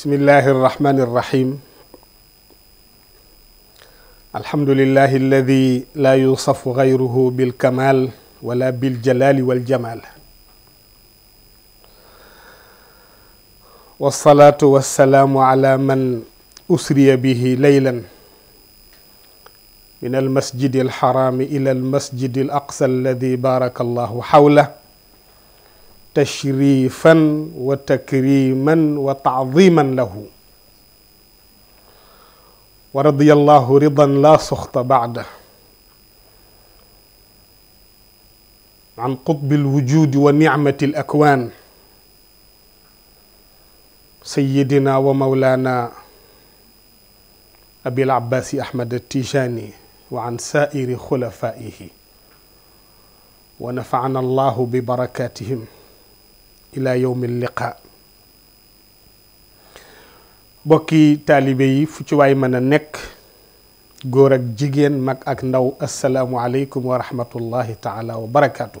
بسم الله الرحمن الرحيم الحمد لله الذي لا يوصف غيره بالكمال ولا بالجلال والجمال والصلاة والسلام على من أسري به ليلا من المسجد الحرام إلى المسجد الأقصى الذي بارك الله حوله تشريفا وتكريما وتعظيما له ورضي الله رضا لا سخط بعده عن قطب الوجود ونعمة الأكوان سيدنا ومولانا أبي العباس أحمد التيجاني وعن سائر خلفائه ونفعنا الله ببركاتهم الى يوم اللقاء بوكي طالبي فوتي واي مانا نيك غور اك جيجين ماك اك نداو السلام عليكم ورحمه الله تعالى وبركاته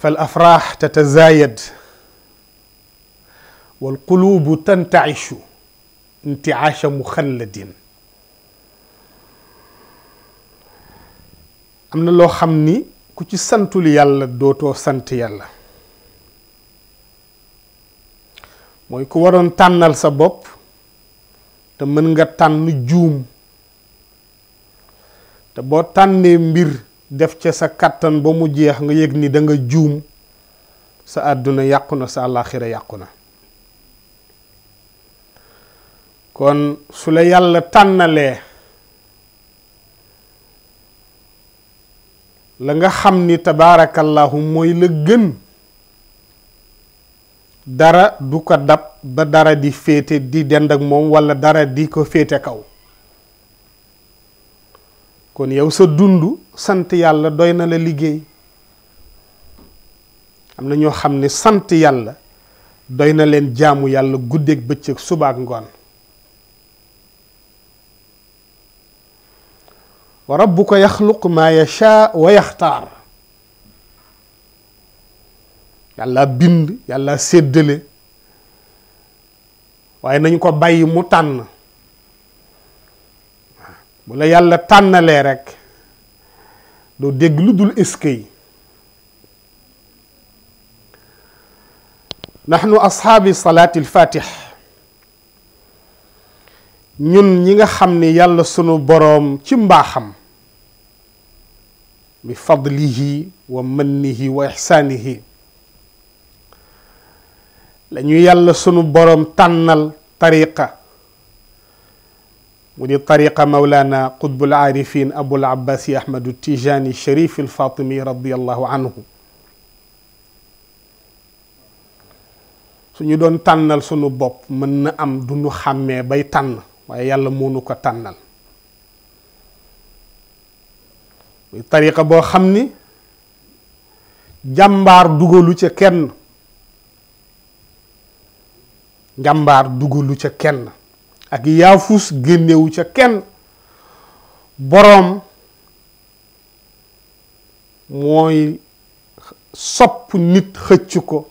فالافراح تتزايد والقلوب تنتعش انتعاش مخلد امن لو خمني ku ci santul yàlla dootoo sant yàlla mooy ku waroon tànnal sa bopp te mën nga tànn juum te boo tànnee mbir def ca sa kàttan ba mu jeex nga yëg ni danga juum sa àdduna yàqu na sa àllaaxira yàqu kon su la yàlla tànnalee la nga xam ni tabaarakallahu mooy la gën dara du ko dab ba dara di féete di dend ak moom walla dara di ko féete kaw kon yow sa dund sant yàlla doy na la liggéey am na ñoo xam ne sant yàlla doy na leen jaamu yàlla guddeeg bëccëg suba ak ngoon وربك يخلق ما يشاء ويختار yàlla bind yàlla séddale waaye nañ ko bàyyi mu tànn bu la yàlla tànnalee rek doo dégg lu dul eskay nahnu ashaabi salaati alfatih ñun ñi nga xam ni yàlla sunu boroom ci mbaaxam بفضله ومنه وإحسانه لن يلا سنو بروم تنال طريقة ودي طريقة مولانا قطب العارفين أبو العباس أحمد التيجاني الشريف الفاطمي رضي الله عنه suñu doon tànnal sunu bopp من na am du nu xàmmee bay tànn waaye tariqa boo xam ni jàmbaar dugalu ca kenn jàmbaar dugalu ca kenn ak yaafus génnewu ca kenn boroom mooy sopp nit xëcc ko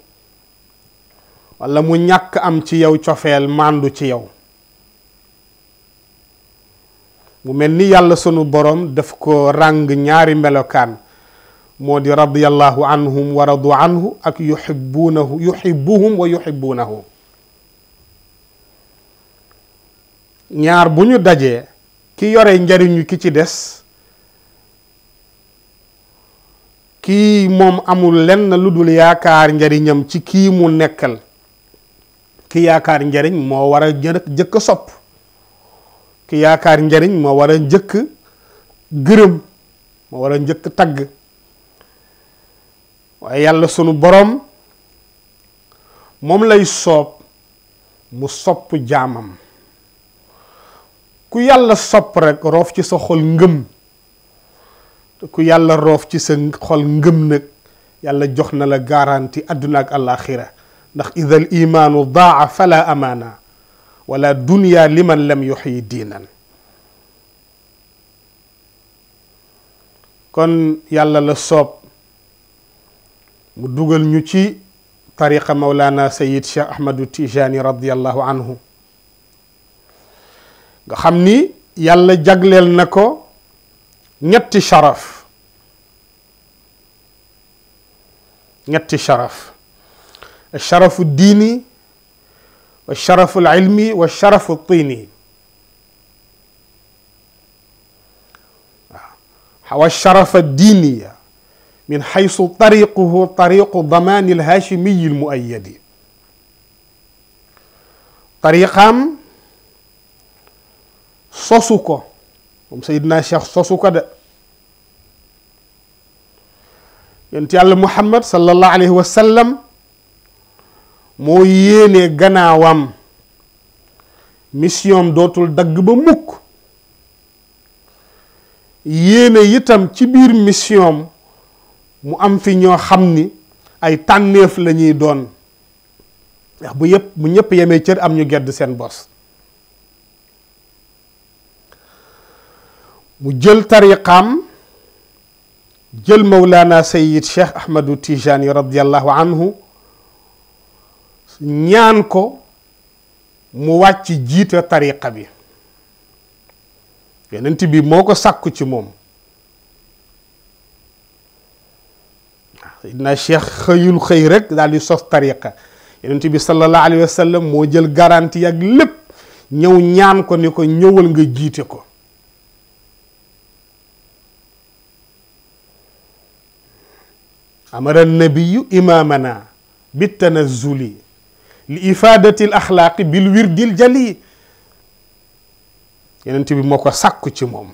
walla mu ñàkk am ci yow cofeel màndu ci yow mu melni yalla sunu borom daf ko rang ñaari melokan modi radiyallahu anhum wa radu anhu ak yuhibbunahu yuhibbuhum wa yuhibbunahu ñaar buñu dajé ki yoré njariñu ki ci dess ki mom amul lenn luddul yaakar njariñam ci ki mu nekkal ki yaakar njariñ mo wara jëk sopp ki yaakar njariñ moo wara a gërëm moo wara a njëkk tagg waaye yàlla sunu borom moom lay soob mu sopp jaamam ku yàlla sopp rek roof ci sa xol ngëm te ku yàlla roof ci sa xol ngëm nag yàlla jox na la garantie àdduna ak àllaaxira ndax idal imaanu daa fala amaana ولا دنيا لمن لم يحيي دينا كون يالا لا صوب مو دوغال طريقه مولانا سيد الشيخ احمد التيجاني رضي الله عنه غا خامني يالا جاغلل نكو نيت شرف نيت شرف الشرف الديني والشرف العلمي والشرف الطيني والشرف الديني من حيث طريقه طريق ضمان الهاشمي المؤيد طريقام صوصوكو moom سيدنا الشيخ صوصوكو ده محمد صلى الله عليه وسلم moo yéene gannaawam mission dotul dagg ba mukk yéene itam ci biir mission mu am fi ñoo xam ay tànneef la don doon ndax bu yëpp bu ñëpp yemee cër am ñu gedd seen bos mu jël tariqaam jël mawlaana sayid cheikh ahmadu tijani radiallahu anhu ñaan ko mu wàcc jiita tariqa bi yonent bi moo ko sàkku ci moom na cheikh xëyul xëy rek daal di sos tariqa yonent bi sallallahu alayhi wa sallam moo jël garantie ak lépp ñëw ñaan ko ni ko ñëwal nga jiite ko amara nabiyu imamana bi لإفادة الأخلاق بالورد الجلي يعني أنت موكو ساكو سي موم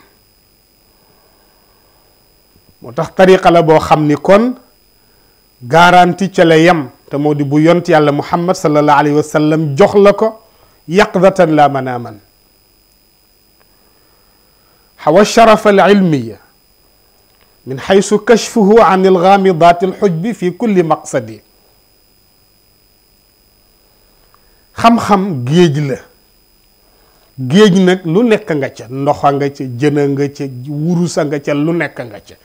قال طريقه لا بو كون غارانتي تي لا يم تا مودي محمد صلى الله عليه وسلم جوخ يقظه لا مناما حوى الشرف العلمي من حيث كشفه عن الغامضات الحجب في كل مقصدي xam-xam géej la géej nag lu nekk nga ca ndoxa nga ca jën nga ca wurusa nga ca lu nekk nga ca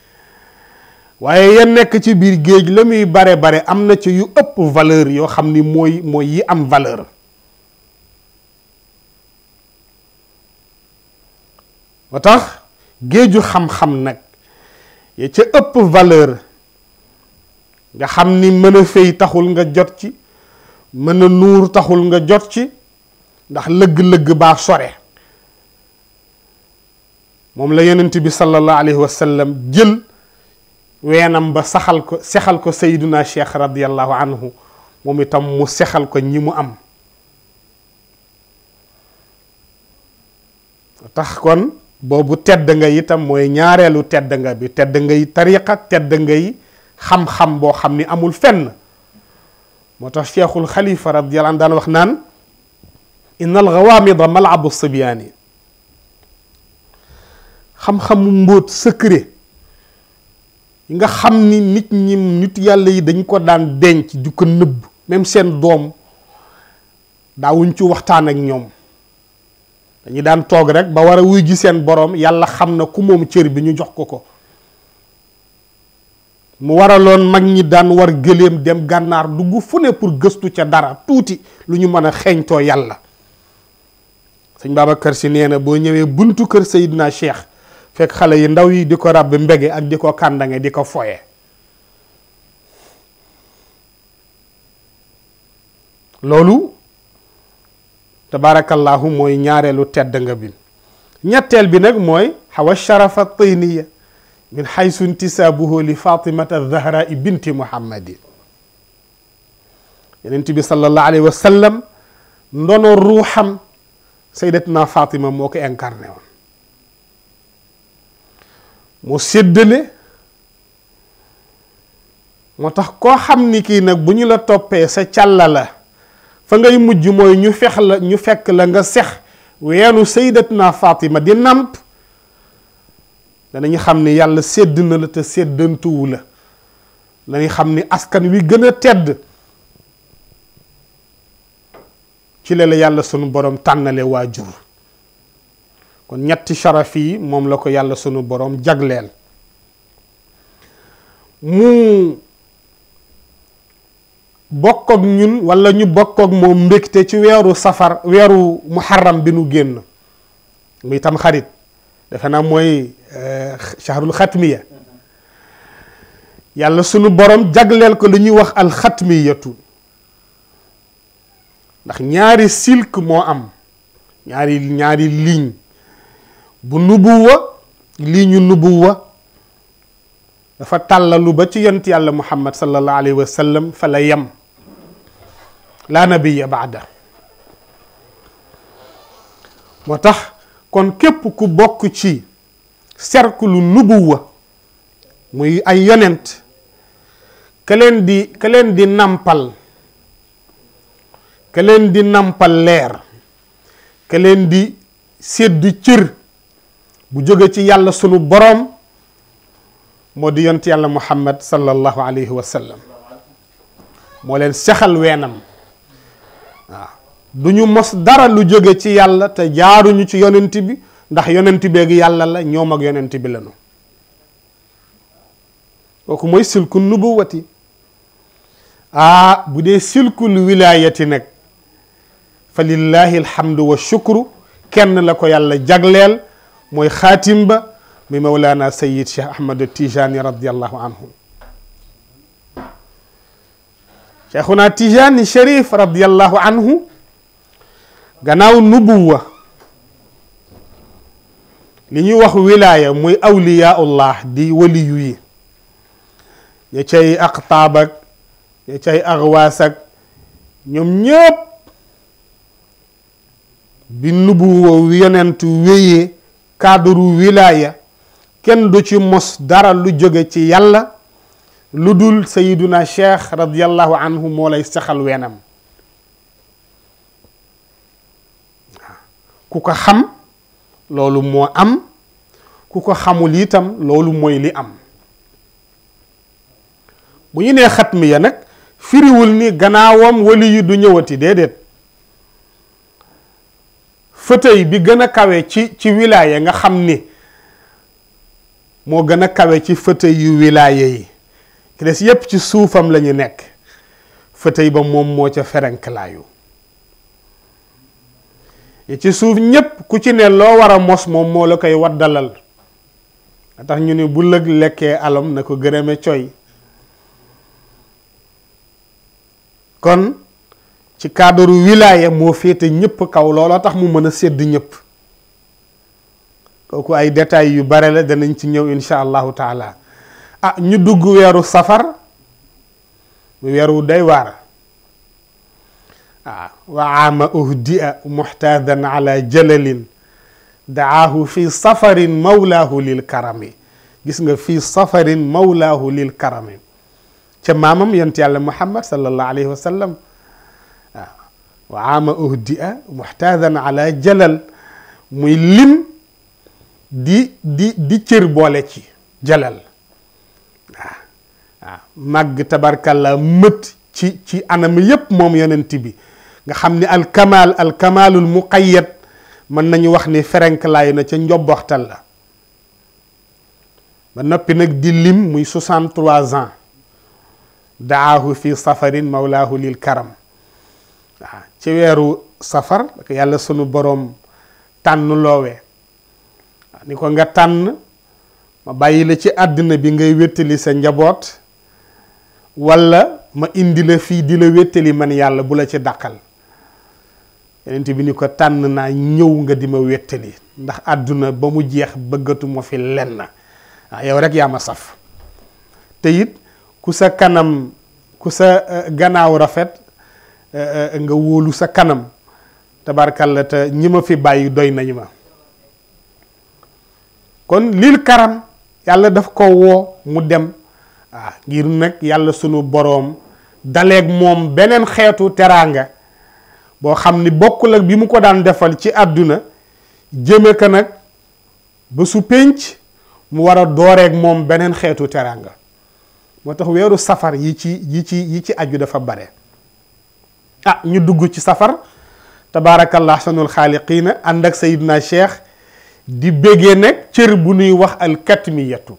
waaye ya nekk ci biir géej la muy bare bare am na ci yu ëpp valeur yoo xam ni mooy yi am valeur ba tax géeju xam-xam nag ya ca ëpp valeur nga xam ni mën a fay taxul nga jot ci mën na nuur taxul nga jot ci ndax lëgg-lëgg baa sore moom la yonent bi sallallahu alayhi wa sallam jël weenam ba saxal ko sexal ko sayduna cheikh radiallahu anhu moom itam mu sexal ko ñi mu am tax kon boobu tedd nga itam mooy ñaareelu tedd nga bi tedd ngay tariqa tedd ngay xam-xam boo xam ni amul fenn moo tax cheikhul xalifa radiyallahu anhu daan wax naan inna alxawaamida malabu sibyaani xam-xamu mbóot secret yi nga xam ni nit ñi nit yàlla yi dañ ko daan denc di ko nëbb même seen doom daawuñ ci waxtaan ak ñoom dañu daan toog rek ba war a wuy ji seen borom yàlla xam na ku moom cër bi ñu jox ko ko mu waraloon mag ñi daan war gëléem dem gànnaar dugg fu ne pour gëstu ca dara tuuti lu ñu mën a xeeñtoo yàlla sëñ kër Si nee na boo ñëwee buntu kër Seydina Cheikh fekk xale yi ndaw yi di ko ràbb mbege ak di ko kàndange di ko foye loolu tabaarakallaahu mooy ñaareelu tedd nga bi ñetteel bi nag mooy xawa sharafa tayniya من حيث انتسابه لفاطمة الزهراء بنت محمد yonent bi sallallahu alayhi wa sallam ndono ruuxam sayyidatna Fatima moo ko incarné woon mu séddale moo tax koo xam ni kii nag bu ñu la toppee sa càlla la fa ngay mujj mooy ñu fex la ñu fekk la nga sex weenu sayyidatna Fatima di namp danañu xam ni yàlla sédd na la te séddantuwu la danañ xam ni askan wi gën a tedd ci la la yàlla sunu borom tànnale waajur kon ñetti sharaf yi moom la ko yàlla sunu borom jagleen mu bokk ñun wala ñu bokk moom mbégte ci weeru safar weeru muharram bi nu génn muy xarit defe naa mooy shahrul xatmiya yàlla sunu borom jagleel ko lu ñuy wax alxatmiyatu ndax ñaari silk moo am ñaari ñaari ligne bu nubuwa ligne nubuwa dafa tàllalu ba ci yont yàlla muhammad sallallahu alayhi wa sallam fa la yem laa nabiya baada moo tax kon képp ku bokk ci cercle nubuwa muy ay yonent ka leen di ka leen di nampal ka leen di nampal leer ka leen di séddu cër bu jóge ci yàlla sunu boroom moo di yont yàlla muhammad sallallahu alayhi wa moo leen sexal weenam waaw du ñu mos dara lu jóge ci yàlla te jaaruñu ci yonent bi ndax yonenti beeg yàlla la ñoom ak yonenti bi lanu kooku mooy silku nubuwati ah bu dee silkul wilayati nag fa lillahi alhamdu wa shukru kenn la ko yàlla jagleel mooy xaatim ba muy mawlana sayid cheikh ahmad tijani radiallahu anhu cheikhuna tijani sharif radiallahu anhu gannaaw nubuwa li ñuy wax wilaaya muy allah di waliyu yi ya cey aqtaab ak ña cay axwaas ak ñoom ñëpp bi nubu wo yonent weye cadre wilaya ken du ci mos dara lu jóge ci yàlla ludul sayyiduna sheikh radiyallahu anhu moo lay saxal wenam ku ko xam loolu moo am ku ko xamul itam loolu mooy li am bu ñu nee xatmi ya nag firiwul ni gannaawam wali yu du ñëwati déedéet fëtëy bi gën a kawe ci ci wilaaya nga xam ni moo gën a kawe ci fëtëy yu wilaaya yi ki yépp ci suufam lañu nekk fëtëy ba moom moo ca ferenklaayu yi ci suuf ñépp ku ci ne loo war a mos moom moo la koy waddalal nga tax ñu ne bu lëg lekkee alam na ko gërëme coy kon ci cadre wilaaya moo féete ñépp kaw looloo tax mu mën a sedd ñépp kooku ay détails yu bare la danañ ci ñëw insha allahu taala ah ñu dugg weeru safar weeru day waar wa aama uhdia muxtaadan ala jalalin daahu fi safarin mawlaahu lil karami gis nga fi safarin mawlaahu lil karami ca maamam yonent yàlla muhammad sallallahu alayhi wa sallam waaw wa aama uhdia muxtaadan ala jalal muy lim di di di cër boole ci jalal waaw waaw màgg mët ci ci anam yëpp moom yonent bi nga xam ni alkamaal alkamaalul muqayyad mën nañu wax ni ferenk laay na ca njobboxtal la ba noppi nag di lim muy 63 ans daahu fi safarin mawlaahu lil karam waaw ci weeru safar ak yàlla sunu boroom tànn loowee ni ko nga tànn ma bàyyi la ci àddina bi ngay wéttali sa njaboot walla ma indi la fii di la wéttali man yàlla bu la ci dàqal yonent bi ni ko tànn naa ñëw nga di ma wéttali ndax àdduna ba mu jeex bëggatuma fi lenn ah yow rek yaa ma saf te it ku sa kanam ku sa eh, gannaaw rafet eh, eh, nga wóolu sa kanam tabarkalla te ñi ma fi bàyyi doy nañu ma kon lil karam yàlla daf ko woo mu dem ah ngir nag yàlla sunu boroom daleeg moom beneen xeetu teraanga bo xamni bokul ak bi mu ko daan defal ci aduna jëme ka nak ba su pench mu wara a ak mom benen xetu teranga motax wéru safar yi ci yi ci yi ci aju dafa bare ah ñu dugg ci safar tabarakallah sunul khaliqin andak ak sayidna cheikh di bege nag cër bu nuy wax al katmiyatu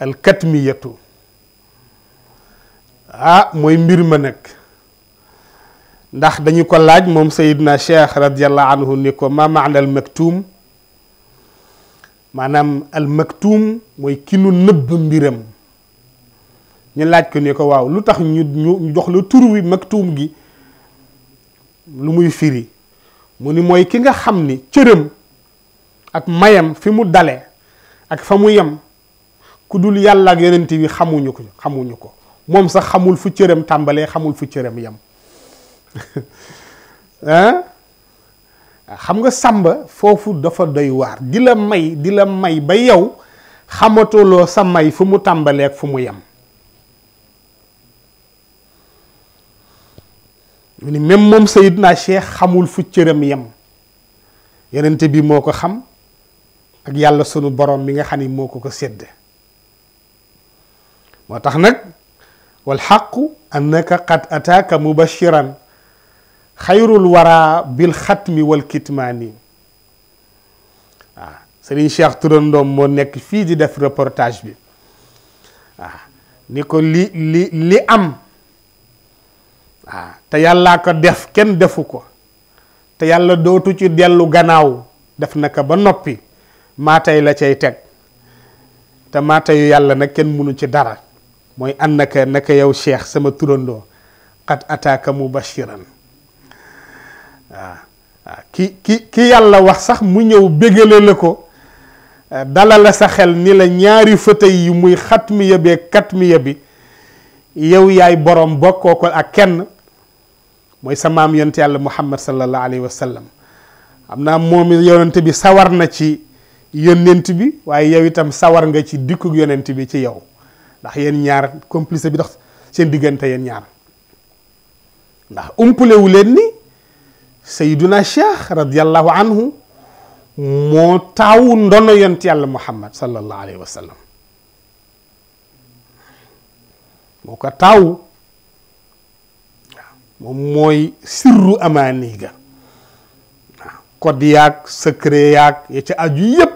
alkatmiyatu al katmiyatu ah moy mbir ma nag ndax dañu ko laaj moom sayidna cheikh radiallahu anhu ni ko ma maana al maktuum maanaam al maktum mooy ki nu nëbb mbiram ñu laaj ko ni ko waaw lu tax ñu ñu jox la tur wi maktum gi lu muy firi mu ni mooy ki nga xam ni cëram ak mayam fi mu dale ak fa mu yem ku dul yàlla ak yonent bi xamuñu ko xamuñu ko moom sax xamul fu cëram tàmbalee xamul fu cëram yem xam nga sàmba foofu dafa doy waar di la may di la may ba yow xamatuloo sa may fu mu tàmbalee ak fu mu yem mu ni même moom Seydina Cheikh xamul fu cëram yem yenente bi moo ko xam ak yàlla sunu borom mi nga xam ni moo ko ko sédd moo tax nag wal xaqu annaka qad ataaka mubashiran xayrul wara bil xatmi wal kitmaani waaw ah, sëriñ Cheikh turandoom moo nekk fii di def reportage bi waaw ah, ni ko li li li am waaw ah, te yàllaa ko def kenn defu ko te yàlla dootu ci dellu gannaaw def na ko ba noppi maatay la cay teg te maatayu yàlla nag kenn mënu ci dara mooy an naka naka yow Cheikh sama turandoo qad mu mubashiran waaw ah. ah. waaw ki ki ki yàlla wax sax mu ñëw bégale la ko eh, dala sa xel ni la ñaari fëtëy yi muy xatmiya bi ak katmiya bi yow yaay borom bokkoo ko ak kenn mooy sa maam yonent yàlla muhammad sallallahu alayhi wa sallam am naa moom yonent bi sawar na ci yonent bi waaye yow itam sawar nga ci dikku yonent bi ci yow ndax yéen ñaar complice bi dox seen diggante yéen ñaar ndax umpalewu leen ni سيدنا الشيخ رضي الله عنه موتاون دونو ينتي على محمد صلى الله عليه وسلم موكا تاو موي سر امانيغا كودياك سكرياك ياتي اديو ييب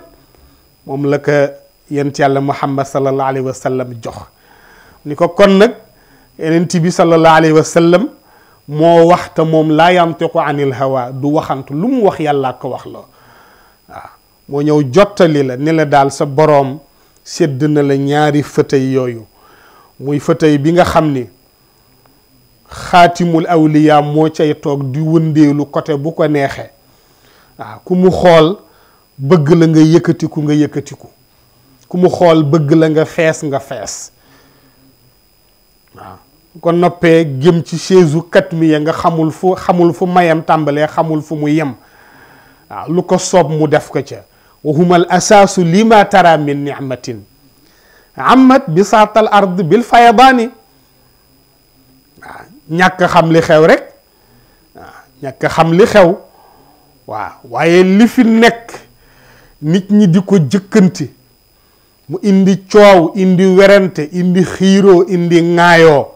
موم لاك ينتي على محمد صلى الله عليه وسلم جوخ نيكو كون نك ينتي بي صلى الله عليه وسلم moo wax te moom laa ko anil hawa du waxant lu mu wax yàlla ko wax la waaw moo ñëw jottali la ni la daal sa boroom sedd na la ñaari fëtëy yooyu muy fëtëy bi nga xam ni xaatimul awliya moo cay toog di wëndeelu côté bu ko neexee waaw ku mu xool bëgg la nga yëkkatiku nga yëkkatiku ku mu xool bëgg la nga fees nga fees waaw kon noppé gem ci chaise katmiya nga xamul fu xamul fu mayam tambalé xamul fu mu yem waaw lu ko soob mu def ko ca wahuma al asaasu lima tara min ni'matin amat bisaat al ard bil fayadaani ñak xam li xew rek ñak xam li xew wa waye li fi nek nit ñi di ko jëkkanti mu indi ciow indi werante indi xiro indi ŋaayoo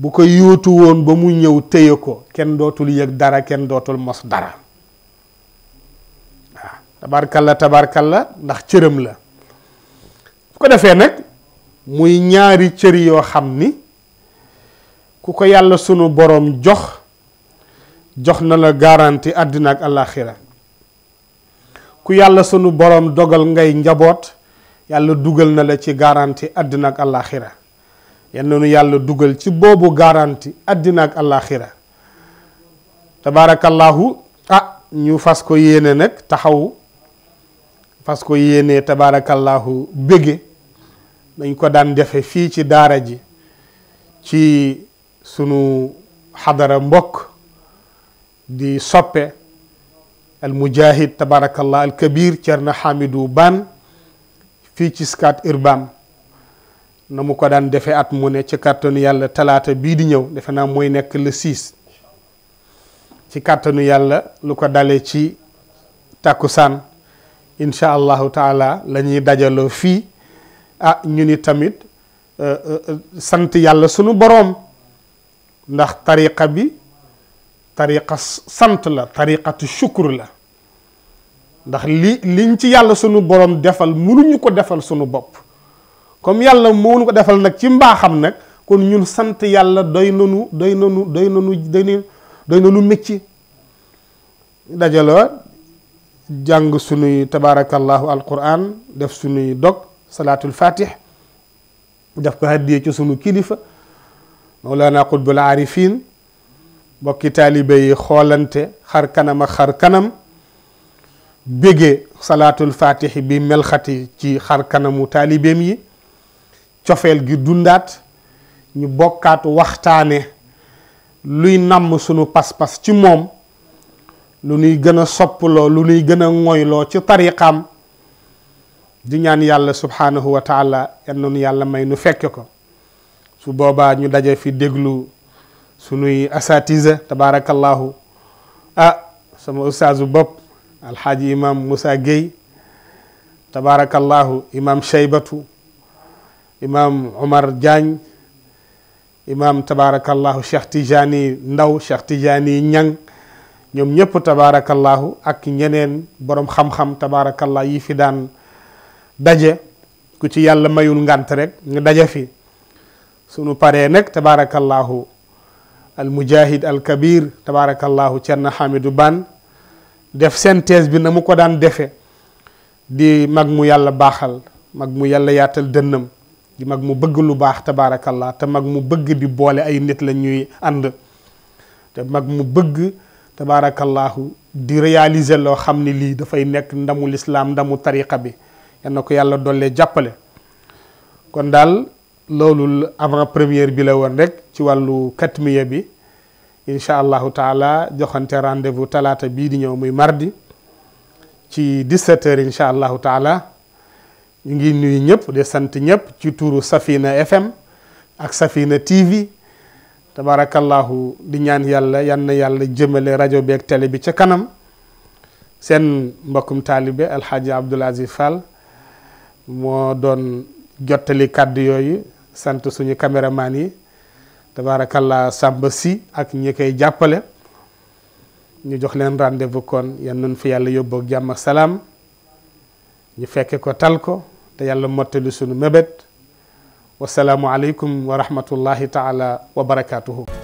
bu ko yóotu woon ba mu ñëw téye ko kenn dootul yëg dara kenn dootul mos dara waaw tabarkal la ndax cëram la bu ko defee nag muy ñaari cër yoo xam ni ku ko yàlla sunu boroom jox jox na la garanti àddina ak àllaaxira ku yàlla sunu boroom dogal ngay njaboot yàlla dugal na la ci garanti àddina ak àllaaxira yan noonu yàlla dugal ci boobu garanti àddina ak àllaaxira tabaarakallaahu ah ñu fas ko yéene nag taxaw fas ko yéene tabaarakallaahu bége dañ ko daan defe fii ci daara ji ci sunu xadara mbokk di soppe al mujahid tabarakallah al kabir Cerno Hamidou Ban fii ci Scat Urbam na mu ko daan defee at mu ne ci kàttanu yàlla talaata bii di ñëw defe naa mooy nekk le 6 ci kàttanu yàlla lu ko dalee ci tàkkusaan incha allahu taala la dajaloo fii ah ñu ni tamit euh, euh, sant yàlla sunu boroom ndax tariqa bi tariqa sant la tariqatu shukur la ndax li liñ ci yàlla sunu boroom defal mënuñu ko defal sunu bopp comme yàlla mo won ko defal nak ci mbaxam nak kon ñun sante yàlla doy nanu doy nanu doy nanu doy doy nanu mécc dajaloo jàng sunuy tabaarakallahu alquran def suñu dog salatul fatih def ko hadiye ci sunu kilifa mawlaana qutbul aarifin bokki taalibe yi xoolante xar kanam ak xar kanam bége salaatul fatih bi melxati ci xar kanamu taalibeem yi cofeel gi dundaat ñu bokkaat waxtaane luy nàmm sunu pas-pas ci moom lu nuy gën a soppaloo lu nuy gën a ŋoyloo ci tariqaam di ñaan yàlla subhaanahu wa taala yàlla may nu fekke ko su boobaa ñu daje fi déglu sunuy asatise tabaarakallahu ah sama ustaazu bopp alxaaji imam Moussa Gueye tabaarakallahu imam Cheybatu imaam Omar Diagne imaam tabaarakallahu Cheikh Tijani Ndaw Cheikh Tijani Ñang ñoom ñëpp tabaarakallahu ak ñeneen borom xam-xam tabaarakallah yi fi daan daje ku ci yàlla mayul ngant rek nga daje fi sunu paree nag tabaarakallahu al mujahid al kabir tabaarakallahu Cerno Hamidou Ban def synthèse bi na mu ko daan defe di mag mu yàlla baaxal mag mu yàlla yaatal dënnam di mag mu bëgg lu baax tabaarakallah te mag mu bëgg di boole ay nit la ñuy ànd te mag mu bëgg tabaarakallahu di réaliser loo xam ni lii dafay nekk ndamu lislaam ndamu tariqa bi yal ko yàlla dolle jàppale kon daal loolu avant première bi la woon rek ci wàllu katmiya bi insha allahu taala joxante rendez-vous talaata bii di ñëw muy mardi ci 17 heures insha allahu taala ñu ngi nuyu ñëpp di sant ñëpp ci tuuru Safina FM ak Safina TV tabarakallahu di ñaan yàlla yan na yàlla jëmale rajo beeg tele bi ca kanam seen mbokkum taalibe Alxaaji Abdoul Aziz Fall moo doon jottali kàddu yooyu sant suñu caméraman yi tabarakallah Samba si ak ñi koy jàppale ñu jox leen rendez-vous kon yan nañ fi yàlla yóbboog jàmm ak salaam ñu fekke ko tal ko te yàlla mottali sunu mébét wasalaamualeykum wa rahmatullahi taala wa barakaatuhu.